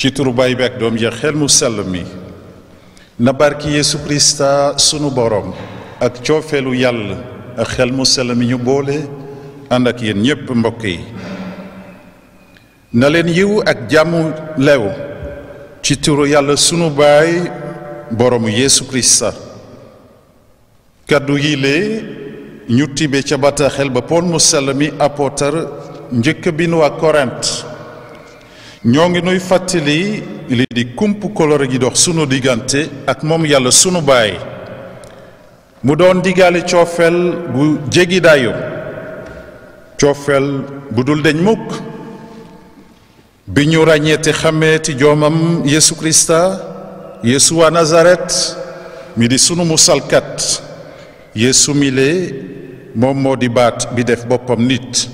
ci turu baay bi ak doom ja xel mu sell mi na barki Yeesu Krista sunu boroom ak coofeelu yàlla xel mu sell mi ñu boole ànd ak yéen ñépp mbokk yi na leen yiw ak jàmm lew ci turu yàlla sunu baay boroomu Yeesu Krista kaddu yi ñu tibe ca bataaxel ba Pool mu sell mi apotar njëkk bi nu waa Korent ñoo ngi nuy fàttali li di kump kolore gi dox sunu diggante ak moom yàlla sunu baay mu doon diggaale coofeel gu jéggi dayo coofeel bu dul deñ mukk bi ñu ràññeeti xàmmeeti joomam Yesu Krista Yesu waa Nazaret mi di sunu musalkat Yesu mile moom moo di baat bi def boppam nit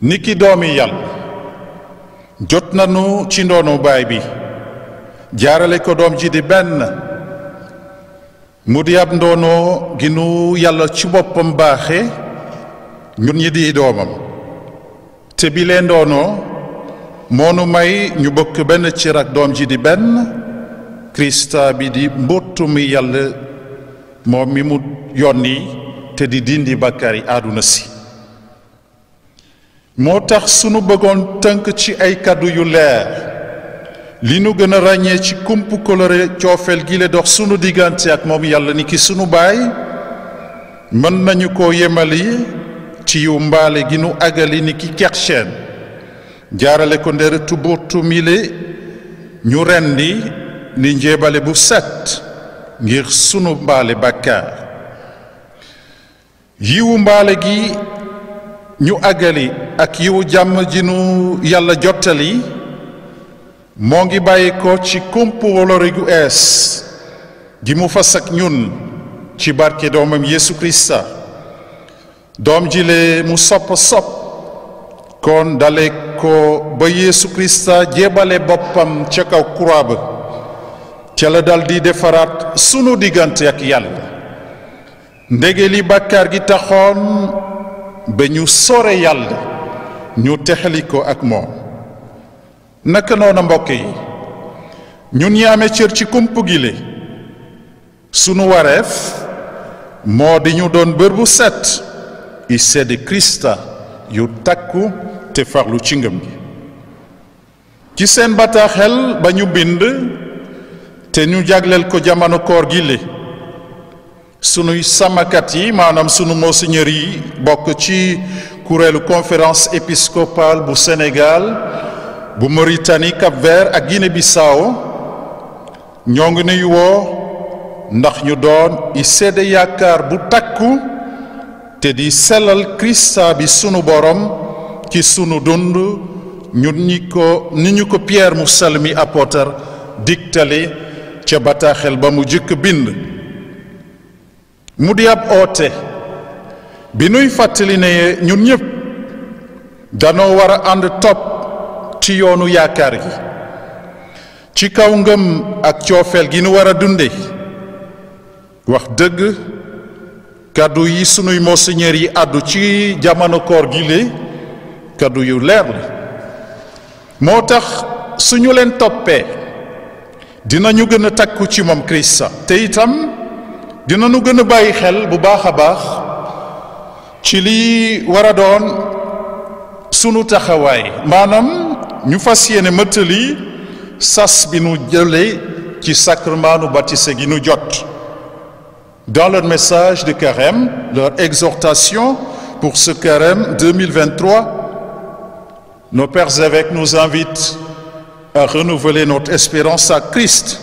niki doomi yàlla jot nañu ci ndoonu baay bi jaarale ko doom ji di benn mu di ab ndoonoo gi nu yàlla ci boppam baaxe ñun ñi di doomam te bi lee ndoonoo moonu may ñu bokk benn cër ak doom ji di benn krista bi di mbottu mi yàlla moom mi mu yonni te di dindi bàkkaari àdduna si moo tax sunu bëggoon tënk ci ay kàddu yu leer li nu gëna ràññee ci kump kolore coofeel gile dox sunu diggante ak moom yàlla ni ki sunu baay mën nañu ko yemali ci yu mbaale gi nu agali ni ki kerceen jaarale ko nderetu burtu mile ñu rendi ni njeebale bu set ngir sunu mbaale bàkkaar yiwu mbaale gi ñu àggali ak yiwu jàmm ji nu yàlla jottali moo ngi bàyyi ko ci kumpuwolori gu ees gi mu fas ak ñun ci barke doomam Yesu Krista doom jile mu sopp sopp kon dale ko ba Yesu Krista jébale boppam ca kaw croix ca la dal di defaraat sunu diggante ak yàlla ndege li bàkkaar gi taxoon ba ñu sore yàlla ñu texali ko ak moom naka noona mbokk yi ñun ñi cër ci kumpu gile sunu wareef moo di ñu doon bër bu set i sedd krista yu takku te farlu ci ngëm gi ci seen bataaxel ba ñu bind te ñu jagleel ko jamono koor gile sunuy samakat yi maanaam sunu monseigneur yi bokk ci kuréelu conférence épiscopale bu Sénégal bu Mauritanie Cap-Vert ak Guinée-Bissau ñoo ngi nuy woo ndax ñu doon i sedd yaakaar bu takku te di selal Krista bi sunu borom ci sunu dund ñun ñi ko ni ñu ko Pierre mu sell mi apôtre digtale ca bataaxel ba mu jëkk bind mu di ab oote bi nuy fàttali ne ñun ñëpp danoo war a ànd topp ci yoonu yaakaar gi ci kaw ngëm ak coofeel gi nu war a dunde wax dëgg kàddu yi sunuy monseigneur yi àddu ci jamono koor gi lée kàddu yu leer la moo tax suñu leen toppee dinañu gën a takku ci moom Krista te dinañu gën a bàyyi xel bu baax a baax ci li war a sunu taxawaay maanaam ñu fas yéene mëttali sas bi nu jële ci sacrement nu baptisé gi nu jot dans leur message de carême leur exhortation pour ce carême 2023 nos pères évêques nous invitent à renouveler notre espérance à Christ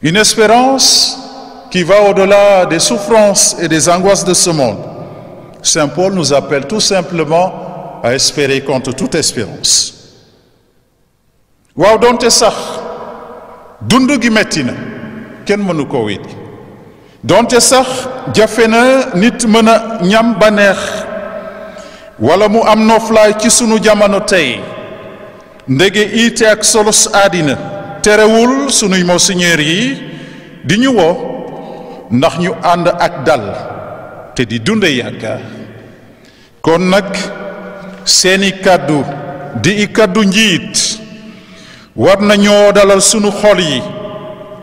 une espérance qui va au-delà des souffrances et des angoisses de ce monde. Saint Paul nous appelle tout simplement à espérer contre toute espérance. waaw doonte sax dund gi metti na kenn mënu ko wéet donte sax jafe na nit mën a ñam baneex wala mu am noflaay ci sunu jamono tey ndege iite ak solos àddina terewul sunuy monseigneur yi di ñu woo ndax ñu ànd ak dal te di dunde yaakaar kon nag seeni kàddu di i kàddu njiit war na ñoo dalal sunu xol yi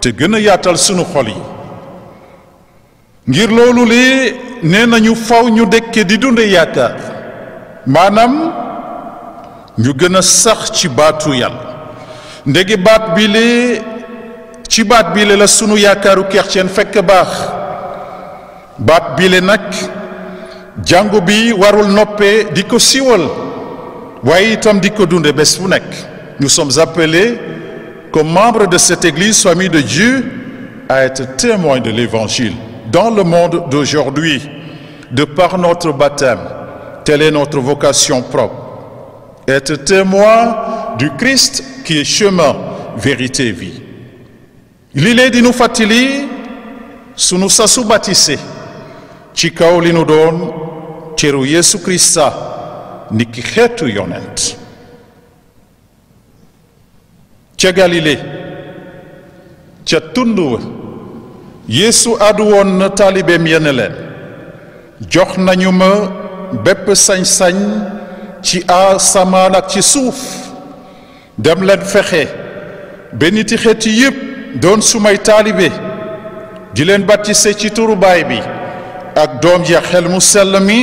te gën a yaatal sunu xol yi ngir loolu li nee nañu faw ñu dëkke di dunde yaakaar maanaam ñu gën a sax ci baatu yàlla ndegi baat bi li ci baat bii le la sunu yaakaaru kerceen fekk baax baat bii nag jàngu bi warul noppe di ko siwal waaye itam di ko dunde bés bu nekk nous sommes appelés comme membre de cette église famille de ju à être témoins de l'évangile dans le monde d'aujourd'hui de par notre baptême telle est notre vocation propre être témoin du Christ qui est chemin vérité vie lile dinu fàttali sunu sasu batise ci kaw li nu doon cëru Yeesu Kirista niki xeetu yonent ca Galile ca tund wa Yeesu àddu woon na taalibeem yenn leen jox nañu ma bépp sañ-sañ ci asamaan ak ci suuf dem fexe ba niti xeeti yépp don sumay taalibe di leen baptisé ci turu baay bi ak doom ya xel mu sell mi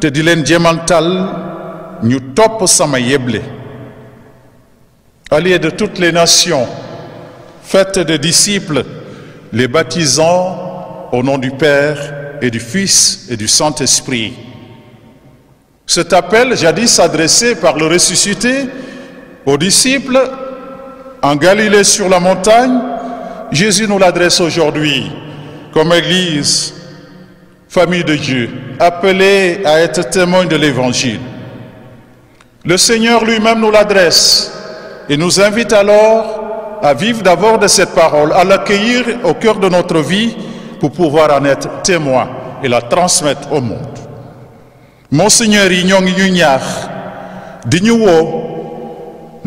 te di leen jéemantal ñu topp sama yeble alliés de toutes les nations faites de disciples les baptisant au nom du Père et du Fils et du Saint-Esprit cet appel jadis adressé par le ressuscité aux disciples en Galilée sur la montagne, Jésus nous l'adresse aujourd'hui comme Église, famille de Dieu, appelée à être témoin de l'Évangile. Le Seigneur lui-même nous l'adresse et nous invite alors à vivre d'abord de cette parole, à l'accueillir au cœur de notre vie pour pouvoir en être témoin et la transmettre au monde. Monseigneur yi ñoo ngi ñu ñaax ñu woo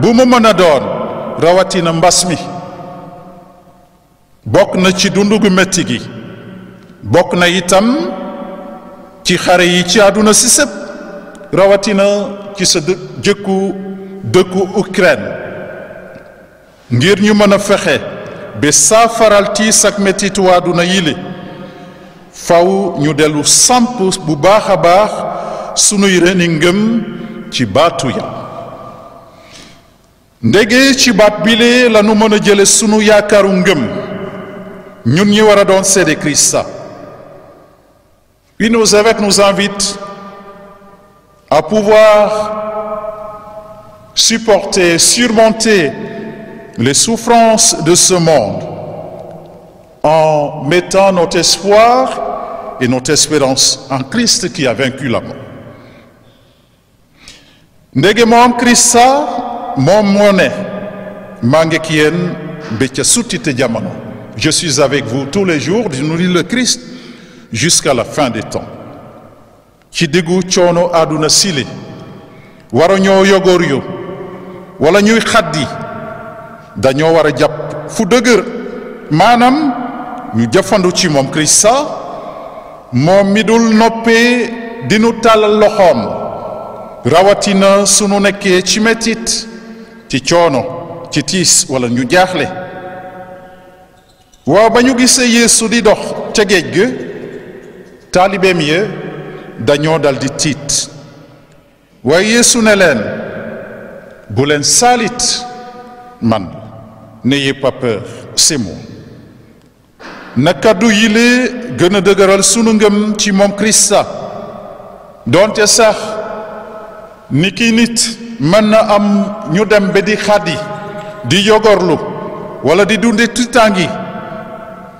bu mu mën a doon rawatina mbas mi bokk na ci dundu gu metti gi bokk na itam ci xare yi ci àdduna si sëpp rawatina ci sa jëkku dëkku Ukraine ngir ñu mën a fexe ba saafaral tiis ak mettitu àdduna yile faw ñu dellu samp bu baax a baax sunuy reni ngem ci baatu ya ndege ci baat bile lanu mën a jële sunu yaakaaru ngëm ñun ñi war a doon seede Christa puis nos évêques nous invitent à pouvoir supporter surmonter les souffrances de ce monde en mettant notre espoir et notre espérance en Christ qui a vaincu la mort ndege moom Christa moom moo ne maa ngi ak yéen ba ca suttite jamono je suis avec vous tous les jours nous dit le Christ jusqu'à la fin des temps ci diggu coono àdduna sile war a ñoo yogoor yu wala ñuy xaddi dañoo war a jàpp fu dëgër maanaam ñu jëfandu ci moom Christ sa moom mi dul noppee dinu tàllal loxoom rawatina sunu nekkee ci metit ci coono ci tiis walla ñu jaaxle waaw ba ñu gisee Yeesu di dox ca géej ga taalibeem ya dañoo daldi di tiit waaye Yeesu ne leen bu leen saalit man n'ayez pas peur c'est na kàddu yi lee gën a dëgëral sunu ngëm ci moom Krista doonte sax ni ki nit mën na am ñu dem ba di xaddi di yogorlu wala di dunde titangi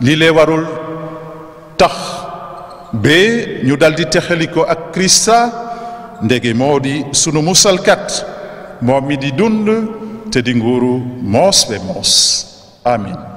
lii lee warul tax ba ñu dal di ak Krista ndege moo di sunu musalkat moom mi di dund te di nguuru moos be moos amin